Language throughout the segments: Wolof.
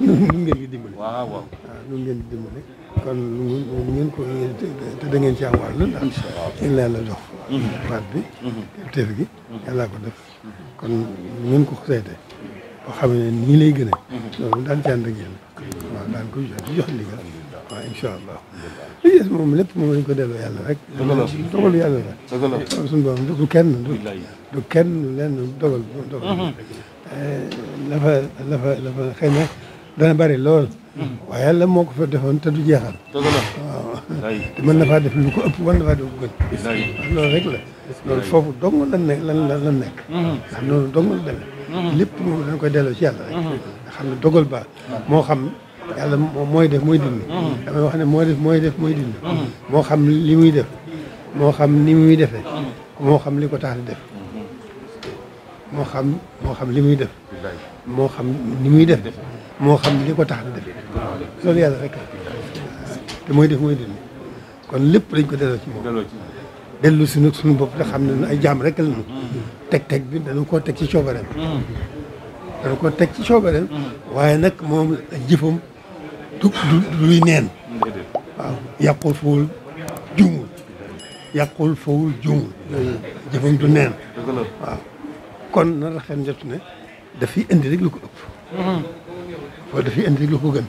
nu ngeen di dimbale. waaw waaw ah, nu ngeen di dimbale kon nu ngeen ko te da ngeen ci am wàll ndax. incha allah yéen la yàlla te baat mhm. gi. yàllaa ko def kon nu ngeen ko sayte boo xam ne nii lay gën a. Mhm. loolu daan ci ànd ak yéen waaw daan di jox ndigal waaw incha allah. li des moom lépp moom lañ ko delloo yàlla rek. dogalu yàlla rek. dogalu suñu borom du kenn du du kenn lenn dogal dogal. Mhm. Eh, lafa lafa lafa xëy na. dana bari lool. waaye yàlla moo ko fa defoon te du jeexal. dëgg la mën na faa def lu ko ëpp mën na faa def lu gën. loolu rek la. loolu foofu dong lan ne lan nekk. Mhm. ndax noonu dong la demee. Mhm. lépp moom dañ koy delloo ci yàlla rek. Mhm. nga xam ne dogal ba moo xam yàlla mooy def mooy dindi. damay wax ne mooy def mooy def mooy dindi. moo xam li muy def. moo xam ni muy defee. moo xam li ko tax a def. moo xam moo xam li muy def. moo xam ni muy def. moo xam li ko tax di loolu yàlla rek te mooy def mooy dindi kon lépp dañ ko delloo ci moom dellu si nag suñu bopp da xam ne ay jaam rek lañu teg-teg bi dana koo teg ci coobareem dana teg ci coobareem nag moom jëfam du neen waaw yàqul fawul juumul yàqul fawul neen kon na raxen njot ne indi rek lu ko ëpp foo dafiy indi lu ko gën.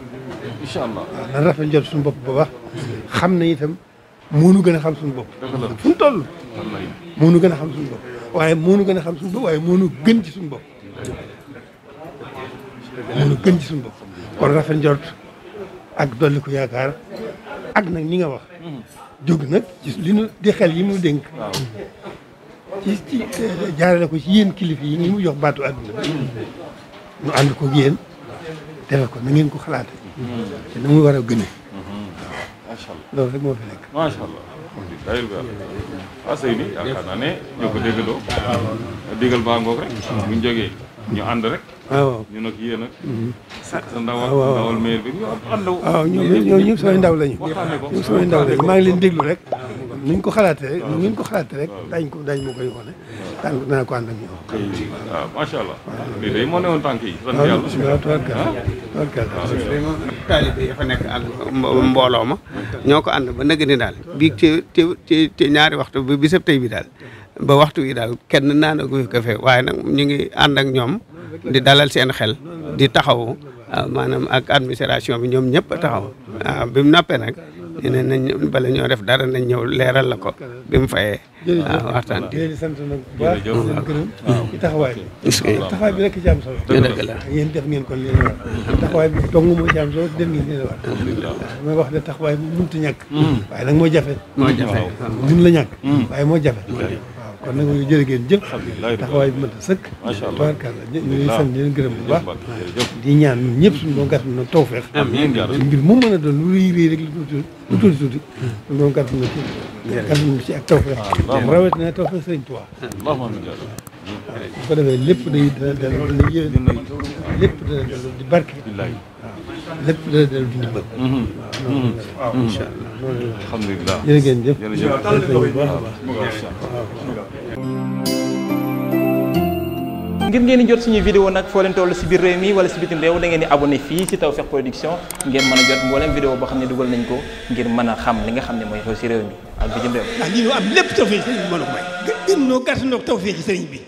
incha allah ah, nan rafet jot suñu bopp bu baax. xam na itam munu gën a xam suñu bopp. fu mu gën a xam waaye moonu gën a xam suñu bopp waaye moonu gën ji suñu bopp. moonu gën ci suñu bopp kon rafet jot ak dolli ko yaakaar ak nag ni nga wax. Mm-hmm. nag ci li nu di xel yi mu dénk. Eh, la ko ci yéen kilifa yi ni mu jox baatu àdduna bi. Mm-hmm. nu ànd ko yéen defe ko ni ngeen ko xalaate te na mu war a gëne waaw rek moo fi nekk allah alhamdulilah waaw sëy ko déggandoo digal baa ngoog rek buñ jógee ñu ànd rek ah, waaw ñu nag yéen ak mm-hmm. sa ndawal ah, ndawal maire bi ñu ànd waaw ah, ñoom ñëpp samay ndaw lañu ñëpp samay ndaw lañu maa leen déglu rek nuñ ko xalaatee rek ah. nuñ ko xalaatee rek ah. ko daañ moo koy wane daan ak ñoom ah, waaw fa nekk mbooloo ma ñoo ko ànd ba nëgg ni daal bii ci ci ci ñaari waxtu bi bisab tey bi daal ba waxtu wi daal kenn naan ak fi kafe waaye nag ñu ngi ànd ak ñoom di dalal seen xel di taxaw maanaam ak administration bi ñoom ñëpp taxaw waaw bi mu noppee nag ñu ne nañ bala ñoo dara nañ ñëw leeral la ko bi mu fayee. waaw waxtaan bi jërëjëf sant nañ bu baax seen taxawaay bi. taxawaay bi rek ci am solo. dëgg la yéen def ngeen kon leen war taxawaay bi dong moo ci am solo def ngeen leen mooy wax ne taxawaay bi mënut a ñàkk. Hmm. waaye nag moo jafe. moo jafe waaw la ñàkk. Hmm. waaye moo jafe. kon nag ñu jërë ngeen jëf taxawaay bi mën a sëkk tabarkàlla ñu ngi sant di leen bu baax di ñaan ñun ñëpp suñu doon gàtt na taw feex mbir mu a doon lu rëy rëy rek lu tuuti tuuti suñu doon gàtt na ci gàtt na ci ak taw feex rawatina taw lépp day dana dana lépp dana di barke waaw lépp dana dellu ci ndimbal. waaw incha mhm. allah. alhamdulilah jërë ngeen jëf. jërëjëf ngir ngeen di jot suñu vidéo nag foo leen si biir réew mi wala si bitim réew da ngeen di abonné fii ci Tawfekh Production ngeen mën a jot mboolem vidéo boo xam ne dugal nañ ko ngir mën a xam li nga xam ne mooy xew si réew mi ak bitim réew. ndax a may. gën noo gàtt noo Tawfekh sëriñ bi.